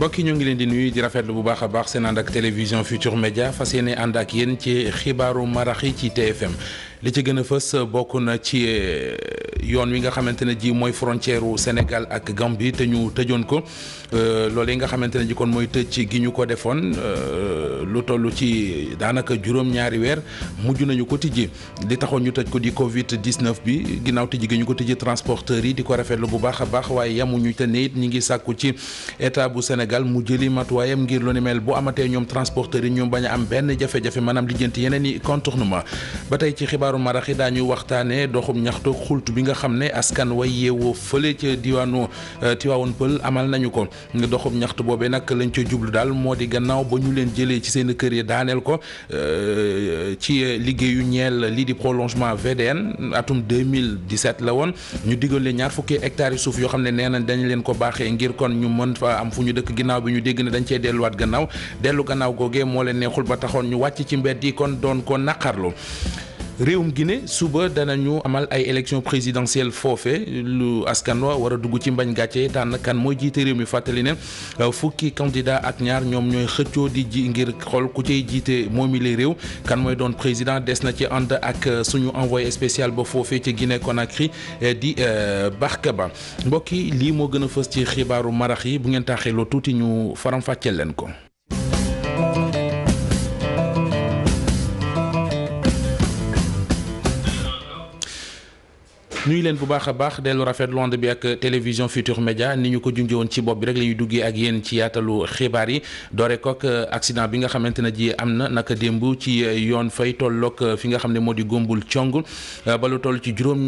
mbokk yi ñoo ngi leen di nuyu di rafetlu bu baax a baax seen ànd ak télévision Futur Média fas yéene ànd ak yéen ci xibaaru marax yi ci TFM li ci gën a fës bokk na ci euh, yoon wi nga xamante ne ji mooy frontière u Sénégal ak Gambie te ñu tëjoon ko euh, loolu yi nga xamante ne ji kon mooy tëj gi ñu ko defoon euh, lu toll ci daanaka juróom-ñaari weer mujj nañu ko tijji li taxoon ñu tëj ko di Covid 19 bi ginnaaw tijji gi ñu ko tijji transporteurs yi di ko rafetlu bu baax a baax waaye yamuñu te ne it ñi ngi sàkku ci état bu Sénégal mu jëli matuwaayam ngir lu ni mel bu amatee ñoom transporteurs yi ñoom bañ a am benn jafe maanaam lijjanti yeneen i contournement xibaaru maraxi daañu waxtaanee doxum ñaxtu xultu bi nga xam ne askan way yeewoo fële ca diwaanu euh, Tivaouane Pël amal nañu ko doxum ñaxtu boobee nag lañ ca jublu daal moo di gannaaw ba ñu leen jëlee ci seen kër yi daaneel ko euh, ci liggéeyu ñeel lii di prolongement VDN atum 2017 la woon ñu diggoon leen ñaar fukki hectares yi suuf yoo xam ne nee nañ dañ leen ko baaxe ngir kon ñu mën fa am fu ñu dëkk ginnaaw bi ñu dégg ne dañ cee delluwaat gannaaw dellu gannaaw googee moo leen neexul ba taxoon ñu wàcc ci mbedd yi kon doon ko naqarlu réewum Guinée suba ñu amal ay élection présidentielle foofe lu askan wa war a dugg ci mbañ gàcce tànn kan mooy jiite réew mi fàttali ne euh, fukki candidat ak ñaar ñoom ñooy xëccoo di ji ngir xool ku ci jiite moomile réew kan mooy doon président des na ci ànd ak euh, suñu envoyé spécial ba foofee ci Guinée Conakry euh, di Barkaba mbokk yi lii moo gën a fës ci xibaaru marax yi bu ngeen taaxee loo tuuti ñu faram fàcceel leen ko. nuyu leen bu baax a baax dellu rafet londe bi ak télévision Futur Média ni ñu ko junjee woon ci bopp bi rek la duggee ak yéen ci yaatalu xibaar yi doore kook euh, accident bi nga xamante ne ji am na naka démb ci euh, yoon fay tolloog euh, fi nga xam ne moo di gómbul cong ba lu toll ci juróom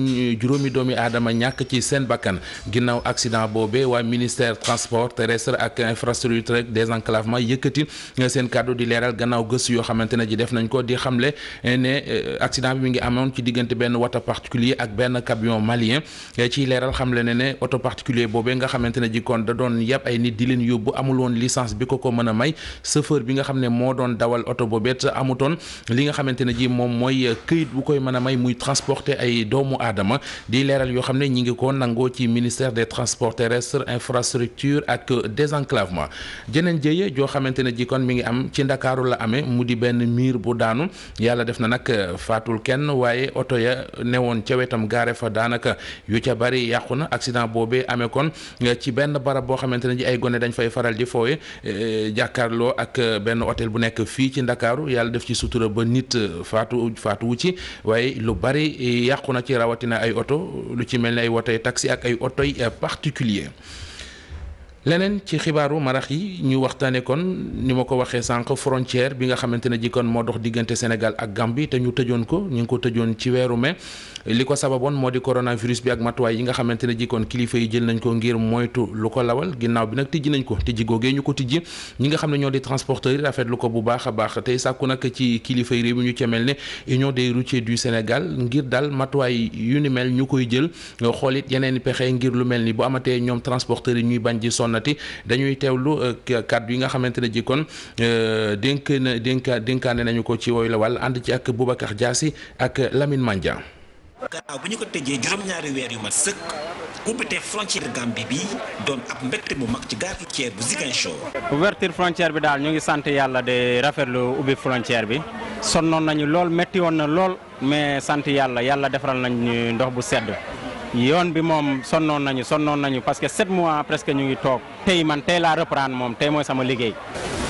juróomi doomi aadama ñàkk ci seen bakkan ginnaaw accident boobee waa ministère transport terrestre ak infrastructure rek désenclavement yëkkati seen kàddu di leeral gannaaw gëstu yoo xamante ne ji def nañ ko di xamle ne accident bi mi ngi amoon ci diggante benn wata particulier ak benn avion malien eh, ci leeral xam le ne auto particulier boobee nga xamante ne jikkoon da doon yàpp ay nit di leen yóbbu amul woon bi ko ko mën may chauffeur bi nga xam ne moo doon dawal auto boobet amutoon li nga xamante ne ji moom mooy eh, këyit bu koy mën a may muy transporter ay doomu aadama di leeral yoo xam ne ñi ngi ko nangoo ci ministère des transports terrestres infrastructure ak désenclavement jeneen jëye joo xamante ne ji kon mi ngi am ci ndakaaru la amee mu di benn miir bu daanu yàlla def na nag eh, faatul kenn daanaka yu ca bari yàqu na accident boobee amee kon eh, ci benn barab boo xamante ne ji ay gone dañ fay faral di fooye eh, jàkkaarloo ak eh, benn hôtel bu nekk fii ci Ndakaaru yàlla def ci sutura ba nit faatu faatu ci waaye lu bari yàqu na ci rawatina ay oto lu ci mel ni ay wotoy taxi ak ay otoy particulier leneen ci xibaaru marax yi ñu waxtaanee kon ni ma ko waxee sànq frontière bi nga xamante ne ji kon moo dox diggante Sénégal ak Gambie te ñu tëjoon ko ñu ngi ko tëjoon ci weeru me li ko sababoon moo di coronavirus bi ak matuwaay yi nga xamante ne ji kon kilifa yi jël nañ ko ngir moytu lu ko lawal ginnaaw bi nag tijji nañ ko tijji googee ñu ko tijji ñi nga xam ne ñoo di transporteurs yi rafetlu ko bu baax a baax tey sàkku nag ci kilifa yi réew mi ñu ca mel ne union des routiers du Sénégal ngir daal matuwaay yu ni mel ñu koy jël xoolit yeneen pexe ngir lu mel ni bu amatee ñoom transporteurs yi ñuy bañ ji sonnati dañuy lu euh, kàddu yi nga xamante ne ji kon euh, dénk na dénka dénkaane nañu ko ci wooyu la wàll ànd ci ak Boubacar Diassi ak Lamine Mandia. gannaaw bu ñu ko tëjee juróom-ñaari weer yu mat sëkk ubbite frontière Gambie bi doon ab mbégte ci gare routière bu Ziguinchor. ouverture bi daal ñu ngi sant yàlla de rafetlu ubbi frontière bi sonnoon nañu lool métti woon na lool mais sant yàlla yàlla defaral nañu ndox bu sedd. yoon bi moom sonnoon nañu sonnoon nañu parce que sept mois presque ñu ngi toog tey man tey laa reprendre moom tey mooy sama liggéey.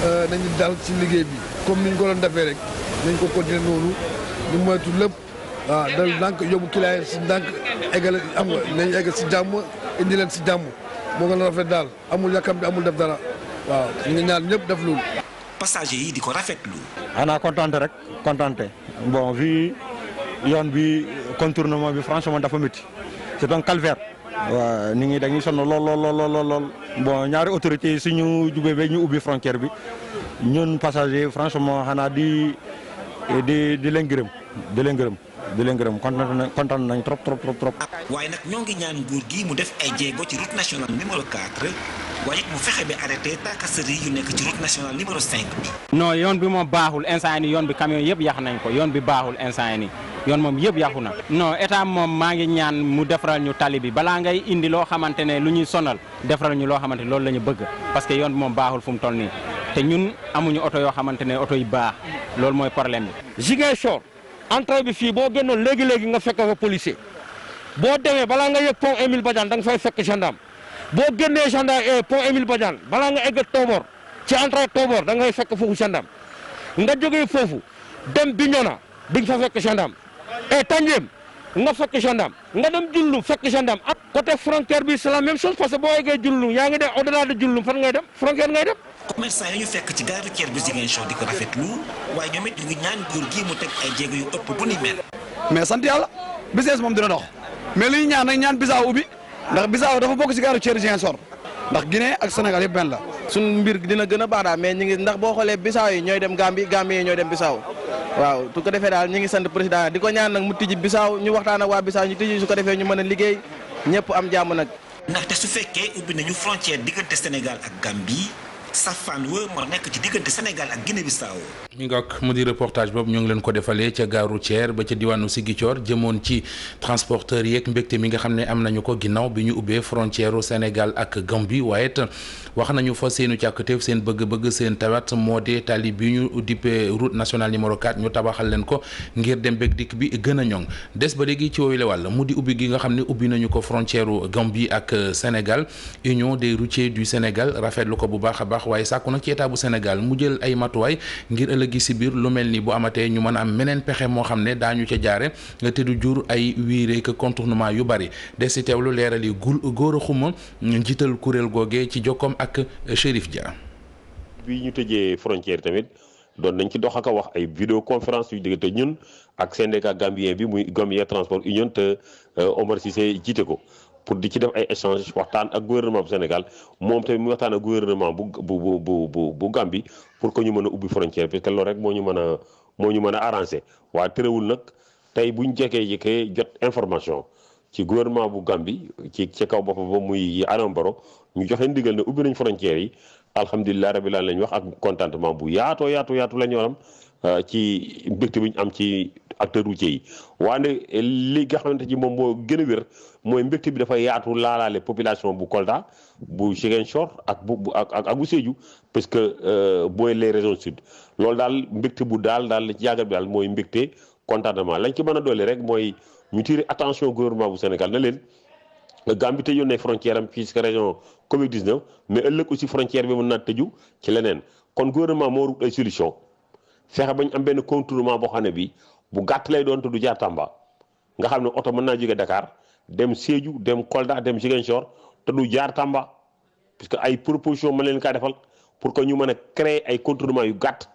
Euh, nañu dal si liggéey bi comme ni ñu ko doon defee rek nañ ko continuer noonu ñu moytu lépp waaw ah, dal ndànk yóbbu client si ndànk eggale am nga nañu si jàmm indi leen si jàmm moo gën a rafet daal amul yàkkam bi amul def dara waaw ñu ngi ñaan ñëpp def loolu. passager yi di ko rafetlu. xanaa kontaan rek kontaan bon vu yoon bi contournement bi franchement dafa métti. c'est un calvaire. waaw nit ñi dañuy sonn lool lool lool bon ñaari autorités yi suñu jubee ba ñu ubbi frontière bi ñun passager franchement xanaa di di di leen gërëm di leen gërëm di leen gërëm kontaan nañ kontaan nañ trop trop trop trop. waaye nag ñoo ngi ñaan nguur gi mu def ay jéego ci route nationale numéro 4 waaye it mu fexe ba arrêté taakasari yu nekk ci route nationale numéro 5 bi. yoon bi moom baaxul instant yii yoon bi camion yëpp yàq nañ ko yoon bi baaxul instant yii. yoon moom yëpp yàqu na non état moom maa ngi ñaan mu defaral ñu tali bi balaa ngay indi loo xamante ne lu ñuy sonal defaral ñu loo xamante ne loolu la ñu bëgg parce que yoon moom baaxul fu mu toll nii te ñun amuñu oto yoo xamante ne oto yi baax loolu mooy problème bi. Ziguinchor entrée bi fii boo génnoon léegi léegi nga fekk fa policier boo demee balaa nga yëg pont Émile Badiane da nga fay fekk gendarme boo génnee gendarme eh, pont Émile Badiane balaa nga egg Tobor ci entrée Tobor da ngay fekk foofu gendarme nga jógee foofu dem Bignona di nga fa fekk et eh, Tandjem nga fekk gendarme nga dem Diouloum fekk gendarme ak ah, côté frontière bi c'est la même chose parce que boo yeggee Diouloum yaa ngi dem au-delà de Diouloum fan ngay dem frontière ngay dem. commerçant yi mais sant yàlla business moom dina dox mais li ñaan nag ñaan Bissau ubbi ndax Bissau dafa bokk ci gare routière Ziguinchor ndax Guinée ak Sénégal yëpp benn la. suñ mbir dina gën a baax mais ñu ngi ndax boo xoolee Bissau yi ñooy dem Gambie Gambie yi ñooy dem Bissau waaw su ko defee daal ñu ngi sant président di ko ñaan nag mu tijji bisaaw ñu waxtaan ak waa bisaaw ñu tijji su ko defee ñu mën a liggéey ñëpp am jàmm nag. ndaxte su fekkee ubbi nañu frontière diggante Sénégal ak Gambie. safaan wër moo nekk ci diggante Sénégal ak Guinée Bissau mi mu di reportage boobu ñoo ngi leen ko defalee ca gare routière ba ca diwaanu Ziguinchor jëmoon ci transporteur yeeg mbégte mi nga xam ne am nañu ko ginnaaw bi ñu ubbee frontière Sénégal ak Gambie waaye it wax nañu fa seenu càkkateef seen bëgg-bëgg seen tawat moo dee tali bi ñu dippee route nationale numéro ñu tabaxal leen ko ngir dem bég dikk bi gën a ñoŋ des ba léegi ci woowule wàll mu di ubbi gi nga xam ne ubbi nañu ko frontière u Gambie ak Sénégal Union des routiers du Sénégal rafetlu ko bu baax a baax waaye sàkku nag ci état bu Sénégal mu jël ay matuwaay ngir ëllëgi si biir lu mel ni bu amatee ñu mën am meneen pexe moo xam ne daañu ca jaare te du jur ay wiire que contournement yu bari des si teewlu leeral yi gul góor a xuma njiital kuréel googee ci jokkoom ak Chérif Dia. bi ñu tëjee frontière tamit doon dañ ci dox ak a wax ay vidéoconférence yu diggante ñun ak syndicat gambien bi muy Gambia Transport Union te euh, Omar jiite ko. pour di ci def ay échange waxtaan ak gouvernement bu Sénégal moom tamit mu waxtaan ak gouvernement bu bu bu bu bu Gambie pour que ñu mën a ubbi frontière parce que loolu rek moo ñu mën a moo ñu mën a arrangé waaye terewul nag tey buñ jekkee jekkee jot information ci gouvernement bu Gambie ci ci kaw boppam ba muy Adama ñu joxe ndigal ne ubbi nañ frontières yi alhamdulilah rabil lañ wax ak contentement bu yaatoo yaatu yaatu la ñu am euh, ci mbégte bi am ci. acteur routier yi waande lii nga xamante ci moom boo gën mooy mbégte bi dafa yaatu laalaale population bu Kolda bu Ziguinchor ak bu ak ak bu Sédhiou parce que booy euh, les régions sud loolu daal mbégte bu daal daal la ci bi daal mooy mbégte contentement lañ ci mën a dolli rek mooy ñu tirer attention gouvernement bu Sénégal na leen Gambie tëjoon yoon frontière am fii ci région Covid 19 mais ëllëg aussi frontière bi mën naa tëju ci leneen kon gouvernement moo wut ay solution am benn contournement boo xam ne bu gàtt lay doon te du jaar Tamba nga xam ne oto mën naa jóge Dakar dem Sédhiou dem Kolda dem Ziguinchor te du jaar Tamba parce que ay proposition mën leen kaa defal pour que ñu mën a crée ay contournement yu gàtt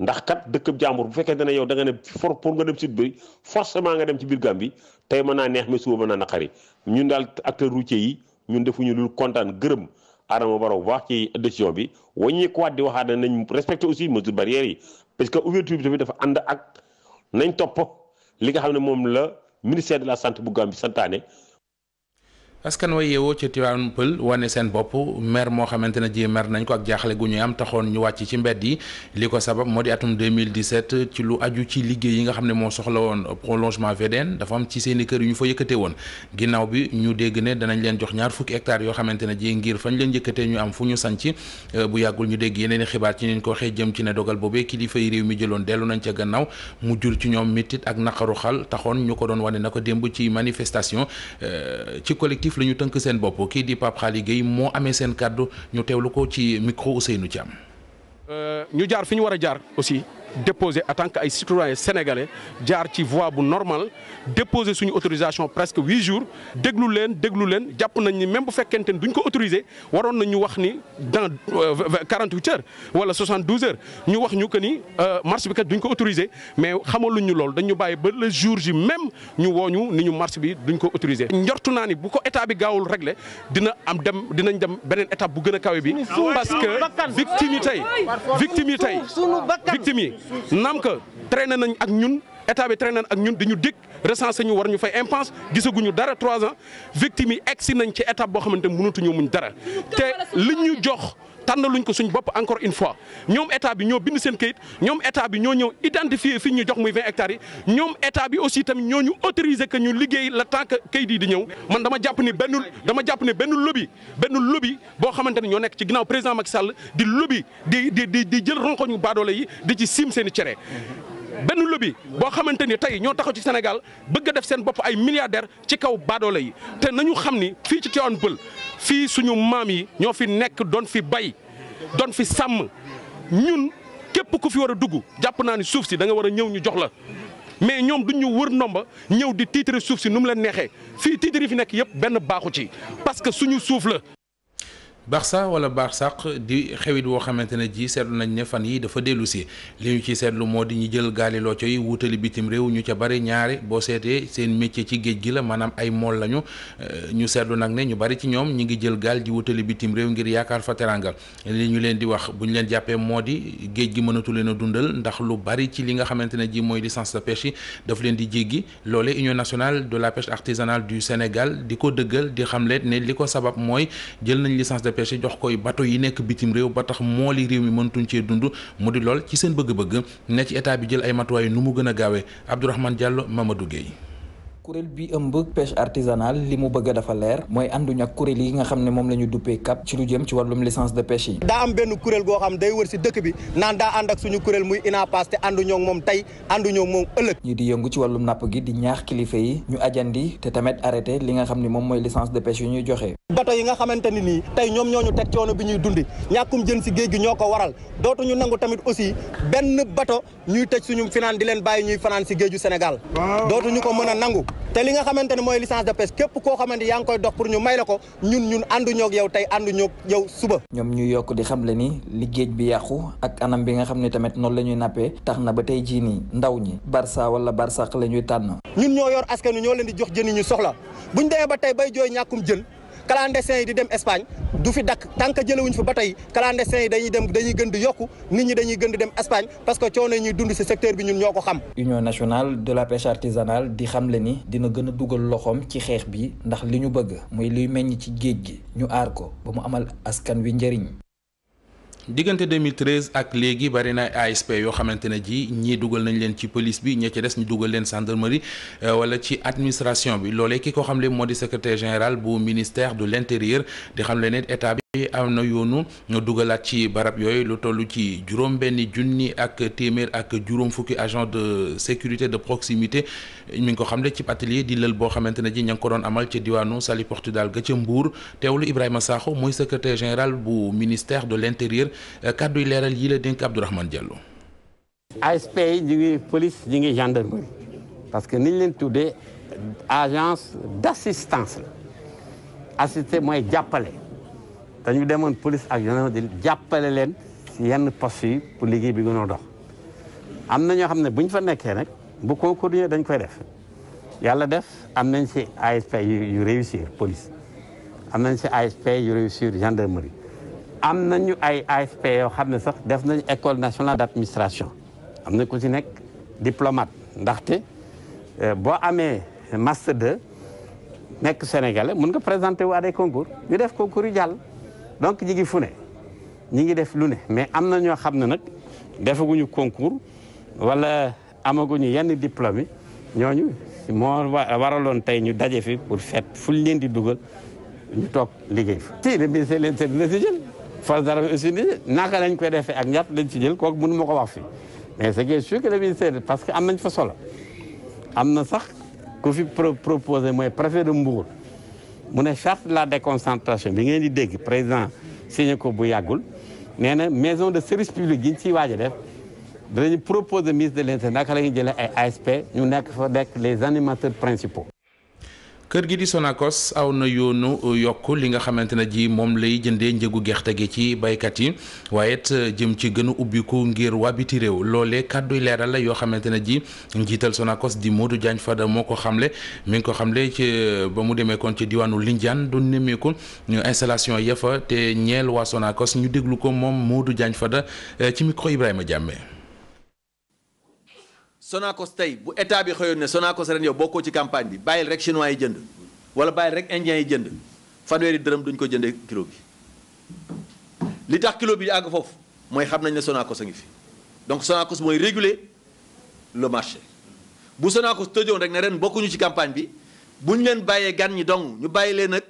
ndax kat dëkkab jàmbur bu fekkee ne yow da nga ne for pour nga dem sud bi forcément nga ci biir Gambie tey mën naa neex mais suba mën naa naqari ñun daal acteurs routiers yi ñun defuñu lu kontaan gërëm Adama Barrow bu baax ci décision bi wàññeekuwaat di waxaat nañ respecté aussi mesures barrières yi nañ topp li nga xam ne moom la ministère de la santé bu Gambie santaane askan wa yeewoo ca Tivaouane Peulh wane seen bopp mer moo xamante ne ji mer nañ ko ak jaaxle gu ñuy am taxoon ñu wàcc ci mbedd yi li ko sabab moo di atum 2017 ci lu aju ci liggéey yi nga xam ne moo soxla woon prolongement VDN dafa am ci seen i kër yu ñu fa yëkkate woon ginnaaw bi ñu dégg ne danañ leen jox ñaar fukki hectares yoo xamante ne ji ngir fañ leen yëkkatee ñu am fu ñu sanc euh, bu yàggul ñu dégg yeneen i xibaar ci neen ko waxee jëm ci ne dogal boobee kilifa yi réew jëloon dellu nañ ca gannaaw mu jur ci ñoom métit ak naqaru xal taxoon ñu ko doon wane na ko démb ci manifestation euh, collectif la ñu tënk seen bopp kii di Pape Khali Guèye moo amee seen kàddu ñu teewlu ko ci micro Ousseynou Thiam. Euh, ñu jaar fi ñu war a jaar aussi déposé en tant que ay citoyen sénégalais jaar ci voie bu normal déposé suñu autorisation presque huit jours déglu leen déglu leen jàpp nañ ni même bu fekkente ni duñ ko autorisé waroon nañ ñu wax ni dan euh, quarante huit heures wala soixante douze heures ñu wax ñu que ni euh, marche bi kat duñ ko autorisé mais xamaluñ ñu loolu dañu ñu bàyyi ba le jour ji même ñu wooñu ni ñu marche bi duñ ko autorisé. njortu naa ni bu ko état bi gaawul réglé dina am dem dinañ dem beneen étape bu gën a kawe bi. parce que victime yi tey victime tey victime yi. naam que traîné nañ ak ñun état bi traîné ak ñun di dégg dikk ñu war ñu fay impense gisaguñu dara trois ans victimes yi egg si nañ ci étape boo xamante mënatuñoo muñ dara te li ñu jox. tànnaluñ ko suñ bopp encore une fois ñoom état bi ñoo bind seen kayit ñoom état bi ñoo ñëw identifier fi ñu jox muy 20 hectares yi ñoom état bi aussi tamit ñoo ñu autoriser que ñu liggéey le temps que yi di ñëw man dama jàpp ni benn dama jàpp ne benn lobby benn lobby boo xamante ne ñoo nekk ci ginnaaw président Macky Sall di lobby di di di jël ronkoñu baadoole yi di ci siim seen i cere benn lobby boo xamante ni tey ñoo taxaw ci Sénégal bëgg a def seen bopp ay milliardaire ci kaw baadoole yi te nañu xam ni fii ci Tivaouane Peulh fii suñu maam yi ñoo fi nekk doon fi bay doon fi sàmm ñun képp ku fi war a dugg jàpp naa ni suuf si da nga war a ñëw ñu jox la mais ñoom duñ ñu wër ndomba ñëw di tiitari suuf si nu mu leen neexee fii tiitari fi nekk yëpp benn baaxu ci parce que suñu suuf la Barça wala Barsaq di xewit woo xamante ne ji seetlu nañ ne fan yi dafa dellu si li ñu ci seetlu moo di ñu jël gaali loo coy wutali bitim réew ñu ca bari ñaare boo seetee seen métier ci géej gi la maanaam ay mool lañu euh, ñu seetlu nag ne ñu bari ci ñoom ñi ngi jël gaal di wutali bitim réew ngir yaakaar fa teranga li ñu leen di wax bu ñu leen jàppee moo di géej gi mënatu leen a dundal ndax lu bari ci li nga xamante ne ji mooy licence de pêche yi daf leen di jéggi loole Union nationale de la pêche artisanale du Sénégal di ko dëggal di xamle ne li ko sabab mooy pêche jox koy bateau yi nekk bitim réew ba tax mool yi réew mi mëntuñ cee dund mu di lool ci seen bëgg-bëgg ne ci état bi jël ay matuwaay nu mu gën a gaawee Abdourahmane Diallo Mamadou Gueye kuréel bi ëmb pêche artisanale li mu bëgg dafa leer mooy ànduñ ak kuréel yi nga xam ne moom la ñu duppee CAP ci lu jëm ci wàllum licence de pêche yi daa am benn kuréel goo xam day wër si dëkk bi naan daa ànd ak suñu kuréel muy INAPAS te ànduñoo ak moom tey ànduñoo ak moom ëllëg ñi di yëngu ci wàllum napp gi di ñaax kilifa yi ñu ajandi te tamit arrêté li nga xam ni moom mooy licence de pêche yi ñuy joxe bato yi nga xamante ni nii tey ñoom ñooñu teg coono bi ñuy dundi ñàkkum jën si géej gi ñoo ko waral dootuñu nangu tamit aussi benn bato ñuy tëj suñu finaan di leen bàyyi ñuy fanaan si géeju Sénégal dootuñu ko mën a te li nga xamante ne mooy licence de pêche képp koo xamante yaa ngi koy dox pour ñu may la ko ñun ñun ànduñoog yow tey ànduñoog yow suba. ñoom ñu yokk di xam le ni liggéey bi yàqu ak anam bi nga xam ne tamit noonu la ñuy nappee tax na ba tey jii nii ndaw ñi Barça wala Barsaq la ñuy tànn. ñun ñoo yor askanu ñoo leen di jox jën yi ñu soxla ñu demee ba tey bay jooy ñàkkum jël clandestin yi di dem Espagne du fi dakk tant que jëlewuñ fi ba tey clandestin yi dañuy dem dañuy gën di yokku nit ñi dañuy gën di dem Espagne parce que coono yi ñuy dund ci secteur bi ñun ñoo ko xam. Union nationale de la pêche artisanale di xamle ni dina gën a dugal loxoom ci xeex bi ndax li ñu bëgg muy luy meññ ci géej gi ñu aar ko ba mu amal askan wi njëriñ. diggante 2013 ak léegi bari na ASP yoo xamante ne ji ñii dugal nañ leen ci police bi ña ci des ñu dugal leen gendarmerie euh, wala ci administration bi loolee ki ko xamle moo di secrétaire général bu ministère de l'intérieur di xamle ne état bi. am na yoonu ñu dugalaat ci barab yooyu lu toll ci juróom benni junni ak téeméer ak juróom fukki agent de sécurité de proximité mi ngi ko xamle ci atelier di lal boo xamante ne ji ña ngi ko doon amal ca diwaanu Saly Portudal ga ca Mbour teewlu Ibrahima Sakho mooy secretaire général bu ministère de l'intérieur kàdduy leeral yi la dénk Abdourahmane Diallo. ASP yi ñu ngi police ñu ngi gendarmerie parce que niñ leen tuddee agence d'assistance la assister mooy jàppale. te ñu demoon police ak gendarmerie di jàppale leen yenn postes yi pour liggéey bi nga a dox am na ñoo xam ne buñ fa nekkee nag bu concours dañ koy def yàlla def am nañ si ASP yu réussir police am nañ si ASP yu réussir gendarmerie am nañu ay ASP yoo xam ne sax def nañ école nationale d'administration am na ko si nekk diplomate ndaxte euh, boo amee master de nekk Sénégalais mun nga présenter wu à concours ñu def concours yu jàll donc ñi fu ne ñi ngi def lu ne mais am na ñoo xam ne nag defaguñu concours wala amaguñu yenn diplôme yi ñooñu moo waraloon tey ñu daje fi pour feet fu leen di dugal ñu toog liggéey fi si le ministère de l'Intérieur dina si jël force d'armée aussi dina koy defee ak ñett lañ si jël kook munu ma ko wax fi mais c'est que sûr que le ministère parce que am nañ fa solo am na sax ku fi proposé mooy préfet de Mbour. mu ne charte de la déconcentration bi ngeen di dégg président signé ko bu yàggul nee na maison de service public yi ñu ciy waaj a def danañu proposer ministre de l'intérieur naka la ñuy jëlee ay ASP ñu nekk fa nekk les animateurs principaux. kër gi di Sonacos aw na yoonu yokk li nga xamante ne ji moom lay jëndee njëgu gerte gi ci baykat yi waaye it euh, jëm ci gën a ubbiku ngir wabiti réew loole kàdduy leeral la yoo xamante ne ji njiital sonakos di moo du Diagne Fada moo ko xamle mi ngi ko xamle ci euh, ba mu demee kon ci diwaanu Lindiane doon nemmeeku ñu installation ya fa te ñeel waa Sonacos ñu déglu ko moom du Diagne Fada euh, ci micro Ibrahima Diamé. sonakos tey bu état bi xëyoon ne Sonacos ren yow bokkoo ci campagne bi bàyyil rek chinois yi jënd wala bàyyil rek indiens yi jënd fanweeri dërëm duñ ko jëndee kilo bi li tax kilo bi àgg foofu mooy xam nañ ne Sonacos a ngi fi donc Sonacos mooy réguler le marché bu Sonacos tëjoon rek ne ren bokkuñu ci campagne bi bu ñu leen bàyyee gan ñi dong ñu bàyyi leen nag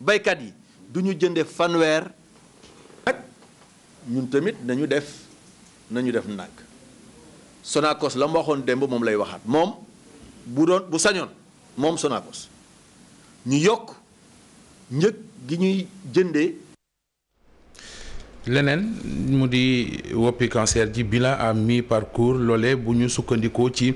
baykat yi duñu ñu fanweer ak ñun tamit nañu def nañu def ndànk Sonacos la mu waxoon démb moom lay waxaat moom bu doon bu sañoon moom Sonacos ñu yokk njëg gi ñuy jëndee. leneen mu di woppi cancer ji bila à mi parcours lole bu ñu sukkandikoo ci.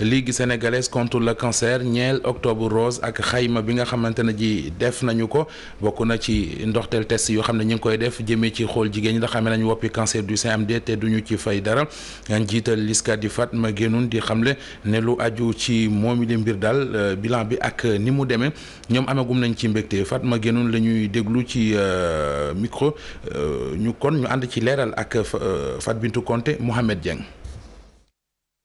Ligue sénégalaise contre le cancer ñeel octobre rose ak xayma bi nga xamante ne ji def nañu ko bokk na ci ndoxteel test yoo xam ne ñu ngi koy def jëmee ci xool jigéen ñi nga xam ne nañu woppi cancer du sein am dee te duñu ci fay dara njiital liska di ma Guénoune di xamle ne lu aju ci moom li mbir daal euh, bilan bi ak ni mu demee ñoom amagum nañ ci mbégte Fatma Guénoune la ñuy déglu ci euh, micro euh, ñu kon ñu ànd ci leeral ak Fat bintu Konté Mohamed Dieng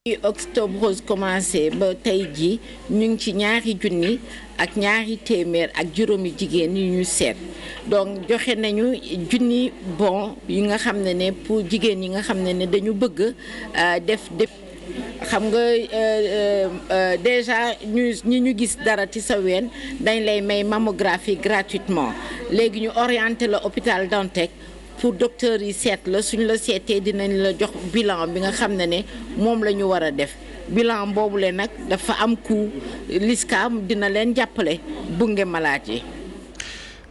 ci octobre rose commencé ba tey ji ñu ngi ci ñaari junni ak ñaari téeméer ak juróomi jigéen yu ñu seet donc joxe nañu junni bon yi nga xam ne ne pour jigéen yi nga xam ne ne dañu bëgg euh, def def xam nga euh, euh, déjà ñu ñi ñu gis dara ci sa ween dañ lay may mamographie gratuitement léegi ñu orienté la hôpital Dantec pour docteur yi seet la suñ la seetee dinañ la jox bilan bi nga xam ne ne moom la ñu war a def boobu boobule nag dafa am ku liskaam dina leen jàppale bunge malade yi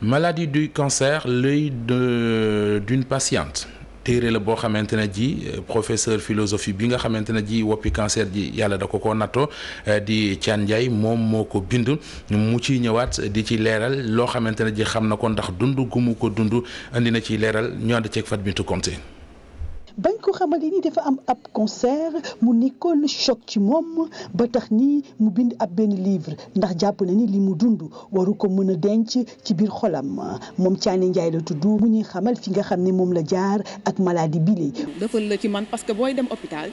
maladie du cancer l'œil de d'une patiente téere la boo xamante ne ji euh, professeur philosophie bi nga xamante ne ji woppi cancer ji yàlla da ko koo natto euh, di Thiane Ndiaye moom moo ko bind mu ciy ñëwaat di ci leeral loo xamante ne ji xam na ko ndax dund gu mu ko dund indi na ci leeral ñoo ànd ceeg Fatoumata Konté bañ ko yi ni dafa am ab concert mu nekkoon choc ci moom ba tax nii mu bind ab benn livre ndax jàpp na ni li mu dund waru ko mën a denc ci biir xolam moom Thiané Ndiaye la tudd mu ñuy xamal fi nga xam ne moom la jaar ak maladie bile. defal la ci man parce que booy dem hôpital.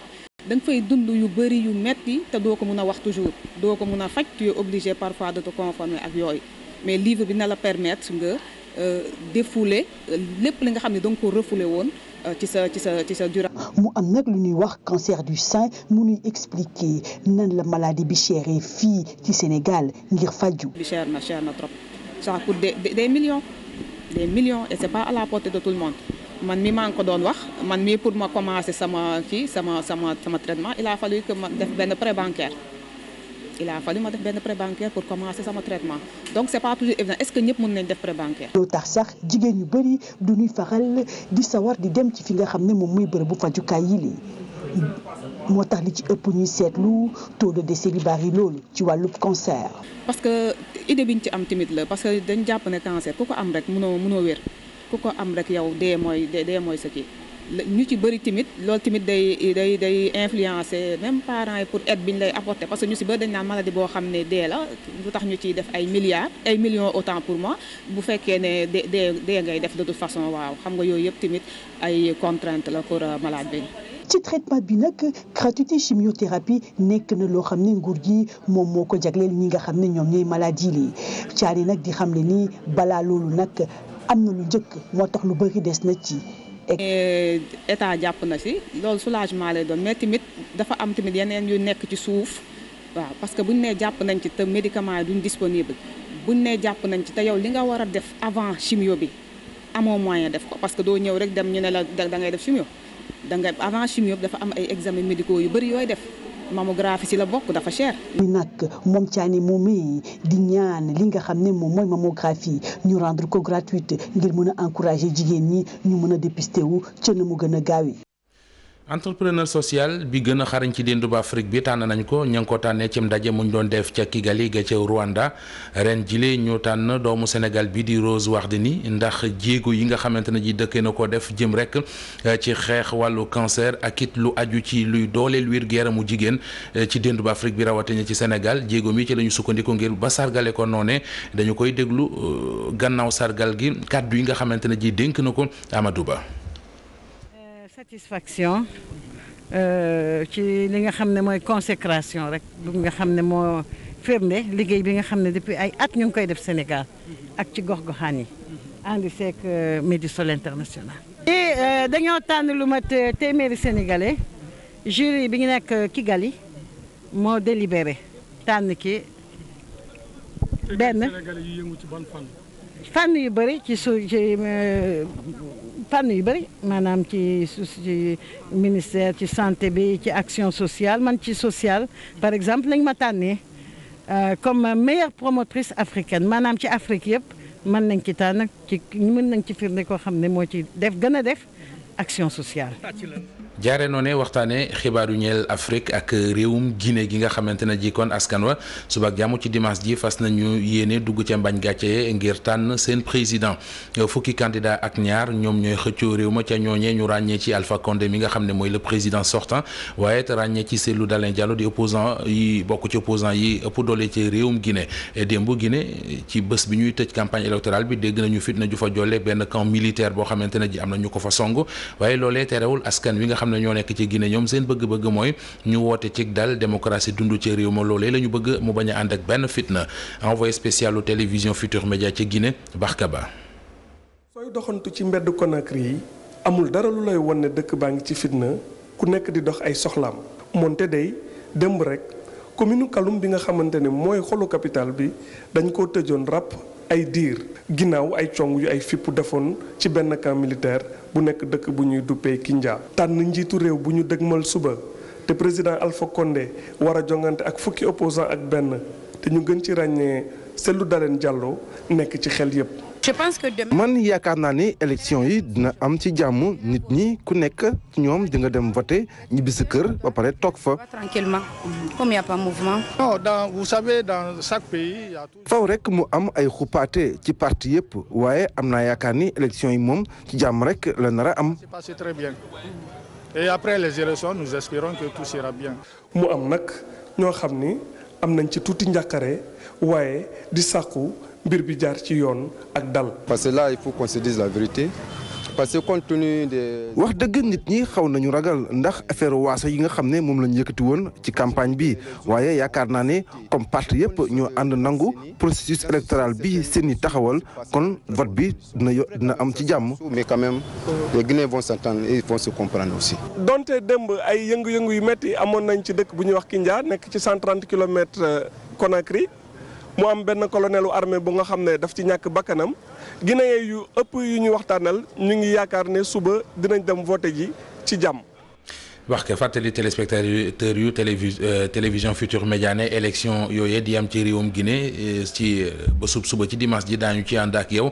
da nga dund yu bëri yu metti te doo ko mun a wax toujours doo ko mun a faj tu es obligé parfois de te conformer ak yooyu mais livre bi na la permettre nga euh, défouler euh, lépp li nga xam ne da nga ko woon ci sa ci sa ci sa jur. mu am nag lu nuy wax cancer du sein mu ñuy expliquer nan la maladie bi chéré fii ci Sénégal ngir faju bi cher na cher na trop ça coûte des des millions des millions et c'est pas à la portée de tout le monde. man mi maa ngi ko doon wax man mi pour ma commencer sama kii sama sama sama traitement il a fallu que ma def benn prêt bancaire. il a ma def benn prêt bancaire pour commencer sama traitement donc c'est pas toujours évident est-ce que ñëpp mën nañ def prêt bancaire. tax sax jigéen ñu bëri du ñuy faral di sawar di dem ci fi nga xam ne moom muy bërëbu fajukaay yi lii moo tax li ci ëpp ñuy seetlu taux de décès bi bari loolu ci wàllu cancer. parce que idée bi ñu ci am tamit la parce que dañ jàpp ne cancer ku ko am rek mënoo mënoo wér ku ko am rek yow dee mooy dee mooy sa kii. ñu ci bëri tamit loolu tamit day day day influencer même parents yi pour aide bi ñu lay apporter parce que ñu si bëri dañ naan maladie boo xam ne dee la lu tax ñu ciy def ay milliards ay millions autant pour moi bu fekkee ne de dee ngay def de toute façon waaw xam nga yooyu yëpp tamit ay contrainte la pour euh, malade bi. ci traitement bi nag gratuité chimiothérapie nekk na loo xam ne nguur ji moom moo ko jagleel ñi nga xam ne ñoom ñooy maladie lii caari nag di xam ne nii balaa loolu nag am na lu njëkk moo tax lu bëri des na ci. état jàpp na si loolu solagement lay doon mais tamit dafa am tamit yeneen yu nekk ci suuf waaw parce que ñu nee jàpp nañ ci te médicament yi duñ disponible buñ nee jàpp nañ ci te yow li nga war a def avant chimio bi amoo moyen def ko parce que doo ñëw rek dem ñu ne la da ngay def chimio da ngay avant chimio bi dafa am ay examen médicaux yu bëri yooy def mammographie ci la bokk dafa cher. li nag moom moom moomee di ñaan li nga xam ne moom mooy mammographie ñu rendre ko gratuite ngir mën a encourager jigéen ñi ñu mën a dépister wu ca na mu gën a gaawee. entrepreneur social bi gën a xarañ ci déndu ba Afrique bi tànn nañ ko ña ngi ko tànnee cim ndaje muñ doon def ca Kigali ga ca Rwanda ren jile ñu tànn doomu Sénégal bi di Rose ni ndax jéego yi nga xamante ne ji dëkke na ko def jëm rek eh, ci xeex wàllu cancer ak it lu aju ci luy dooleel wér gu yaramu jigéen eh, ci déndu ba Afrique bi rawatina ci Sénégal jéego mi ci la ñu sukkandiku ngir ba sargale ko noone dañu koy déglu eh, gannaaw sargal gi kàddu yi nga xamante ne ji dénk na ko Amadou Ba. satisfaction euh, ci li nga xam ne mooy consécration rek bu nga xam ne moo firnde liggéey bi nga xam ne depuis ay at ñu ngi koy def Sénégal ak ci gox-goxaan yi ànd seeg euh, Midi Sol International. et euh, dañoo tànn lu mat téeméeri sénégalais jury bi ñu nekk Kigali moo délibéré tànn ki benn fànn yu bëri ci su ci fànn yu bëri maanaam ci su ministère ci santé bi ci action sociale man ci sociale par exemple lañ ma tànnee euh, comme meilleure promotrice africaine maanaam ci Afrique yëpp mën nañ ci tànn ci mën nañ ci firnde koo xam ne moo ci def gën a def action sociale. jaare noo ne waxtaane xibaaru ñeel Afrique ak réewum Guinée gi nga xamante ne kon askan wa suba ak jàmm ci dimanche ji fas nañu yéene dugg ca mbañ gàcce ngir tànn seen président fukki candidat ak ñaar ñoom ñooy xëccoo réew ma ca ñooñee ñu ràññee ci Alpha Condé mi nga xam ne mooy le président sortant waaye te ràññee ci Cellou Dalein Diallo di opposant yi bokk ci opposant yi ëpp doole ci réewum gine Guinée démb gine ci bés bi ñuy tëj campagne électorale bi dégg nañu fitna ju fa jolle benn camp militaire boo xamante ne ji am ko fa song waaye loolee terewul askan wi nga xam ne ñoo nekk ci gine ñoom seen bëgg-bëgg mooy ñu woote ci dal démocratie dund ci réew ma loolee la ñu bëgg mu bañ a ànd ak benn fitna envoyé spécial télévision Futur Média ci gine Barka Ba. sooy doxantu ci mbedd Conakry yi amul dara lu lay won ne dëkk baa ngi ci fitna ku nekk di dox ay soxlaam moonte day démb rek commune Kaloum bi nga xamante ne mooy xolu capital bi dañ koo tëjoon ràpp ay diir ginnaaw ay cong yu ay fipp defoon ci benn camp militaire bu nekk dëkk bu ñuy duppee Kindia tànn njiitu réew bu ñu dëgmal suba te président Alpha Condé war a jongante ak fukki opposant ak benn te ñu gën ci ràññee Cellou Dalein Diallo nekk ci xel yépp je pense que demain. man yaakaar naa ni élection yi dina am ci jàmm nit ñi ku nekk ñoom di nga dem voter ñibbi sa kër ba pare toog fa. tranquillement comme y a dans vous savez dans chaque pays faw rek mu am ay xupaate ci parti yëpp waaye am naa yaakaar ni élection yi moom ci jàmm rek la nar a am. c'est passé très les élections nous espérons que mu am nag ñoo xam ni am nañ ci tuuti njàqare waaye di sàkku. mbir bi jaar ci yoon ak dal. parce que là il faut qu'on se que compte tenu wax dëgg nit ñi xaw nañu ragal ndax affaire waasa yi nga xam ne moom lañ yëkkati woon ci campagne bi waaye yaakaar naa ne comme parti yëpp ñoo ànd nangu processus électoral bi seen i taxawal kon vote bi dina yo dina am ci jàmm. mais quand même les Guinéens vont s'entendre et aussi. donte démb ay yëngu-yëngu yu métti amoon nañ ci dëkk bu ñuy wax Kindia nekk ci 130 kilomètres euh, Conakry. mu am benn colonelu armée bu nga xam ne daf ci ñàkk bakkanam guinéen yu ëpp yu ñu waxtaanal ñu ngi yaakaar ne suba dinañ dem vote ji ci jàmm. wax ka fàttali téléspectateurs yu télévi euh, télévision Futur Média ne élection yooyee di am ci réewum Guinée euh, ci euh, ba sub suba ci dimanche ji daañu ci ànd ak yow.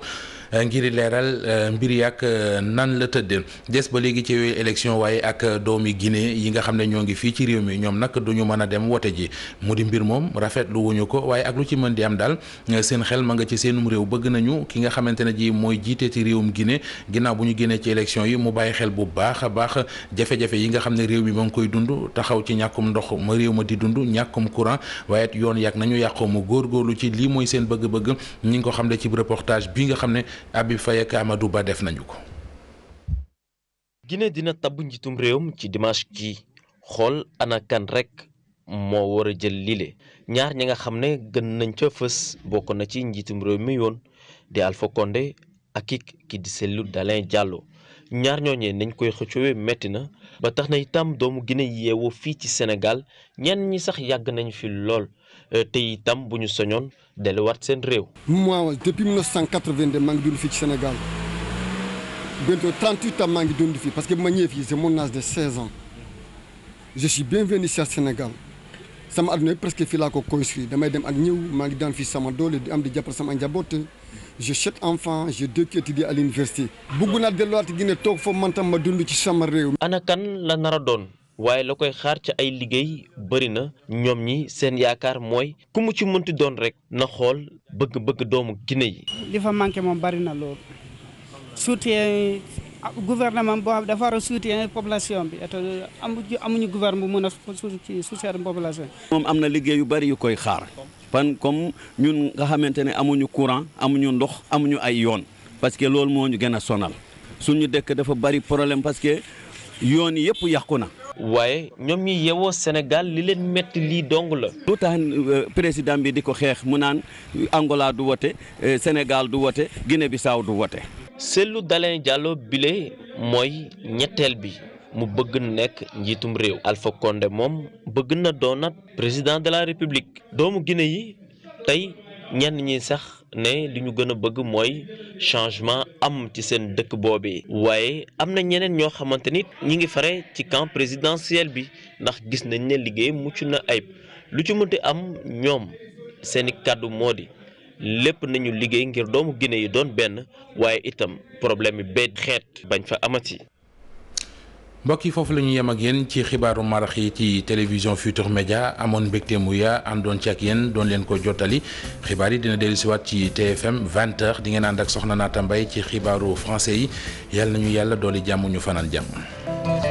ngir leeral eh, mbir yi ak eh, nan la tëdde des ba léegi ci yooyu waaye ak doomi Guinée yi nga xam ne ñoo ngi fii ci réew mi ñoom nag duñu ñu mën a dem wote ji mu di mbir moom rafetlu wuñu ko waaye ak lu ci mën di am dal eh, seen xel ma nga ci seenum réew bëgg nañu ki nga xamante ne ji mooy jiite réewum Guinée ginnaaw bu ñu génnee ci élection yi mu bàyyi xel bu baax a baax jafe-jafe yi nga xam ne réew mi ma ngi koy dund taxaw ci ñàkkum ndox ma réew ma di dund ñàkkum courant waaye yoon yàgg nañu yàqoo mu góorgóorlu ci lii mooy seen bëgg-bëgg ñi ngi xam ne ci reportage nga xam ne Habib Ba def nañu ko. Guinée dina tabb njiitum réewam ci dimanche gi xool ana kan rek moo war a jël lile ñaar ñi nga xam ne gën nañ ca fës bokk na ci njiitum réew mi yoon di Alpha Condé ak ki di Cellou Dalein Diallo. ñaar ñooñee nañ koy xëccowee metti na ba tax na itam doomu Guinée yeewoo fii ci Sénégal ñenn ñi sax yàgg nañu fi lool euh, te itam bu ñu soñoon delluwaat seen réew. moi depuis 1982 maa ngi dund fii ci Sénégal bientôt 38 tam maa ngi dund fii parce que bu ma ñëwee fii c'est mon de 16 ans je suis bienvenu ici à Sénégal sama adduna presque fii laa ko construit damay dem ak ñëw maa ngi daan fii sama doole di am di jàppal sama njaboot. j'ai sept enfants j'ai deux qui étudient à l'université bugg naa delluwaat Guinée toog foofu man ma dund ci sama réew. ana kan la nara doon waaye la koy xaar ci ay liggéey bëri na ñoom ñi seen yaakaar mooy ku mu ci mënti doon rek na xool bëgg-bëgg doomu Guinée yi. li fa manqué moom bari na lool Ah, gouvernement boo dafa war a soutien population bi te amuñu amuñu gouvernement bu mën a ci soutien population bi. moom am na liggéey yu bari yu koy xaar pan comme ñun nga xamante ne amuñu courant amuñu ndox amuñu ay yoon parce que loolu moo ñu gën a sonal suñu dëkk dafa bari problème parce que yoon yëpp yàqu na. waaye ñoom ñi yewoo Sénégal li leen metti lii dong la. lu tax euh, président bi di ko xeex mu naan euh, Angola du wote euh, Sénégal du wote bi saaw du wote. Cellou Dalein Diallo bile mooy ñetteel bi mu bëgg nekk njiitum réew. Alpha moom bëgg na doonat président de la république. doomu Guinée yi tey ñenn ñi sax. ne li ñu gën a bëgg mooy changement am ci seen dëkk boobee waaye am na ñeneen ñoo xamante ni ñi ngi fare ci camp présidentiel bi ndax gis nañ ne liggéey mucc na ayib lu ci mënti am ñoom seeni kàddu moo di lépp nañu liggéey ngir doomu Guinée yi doon benn waaye itam problème bi benn xeet bañ fa amati. mbokk yi foofu la ñu yem ak yéen ci xibaaru marax yi ci télévision Futur Média amoon mbégte mu yaa àndoon ci ak yéen doon leen ko jottali xibaar yi dina dellusiwaat ci TFM vingt h di ngeen ànd ak soxna Naata mbay ci xibaaru français yi yàlla nañu yàlla dooli jàmm ñu fanaan jàmm.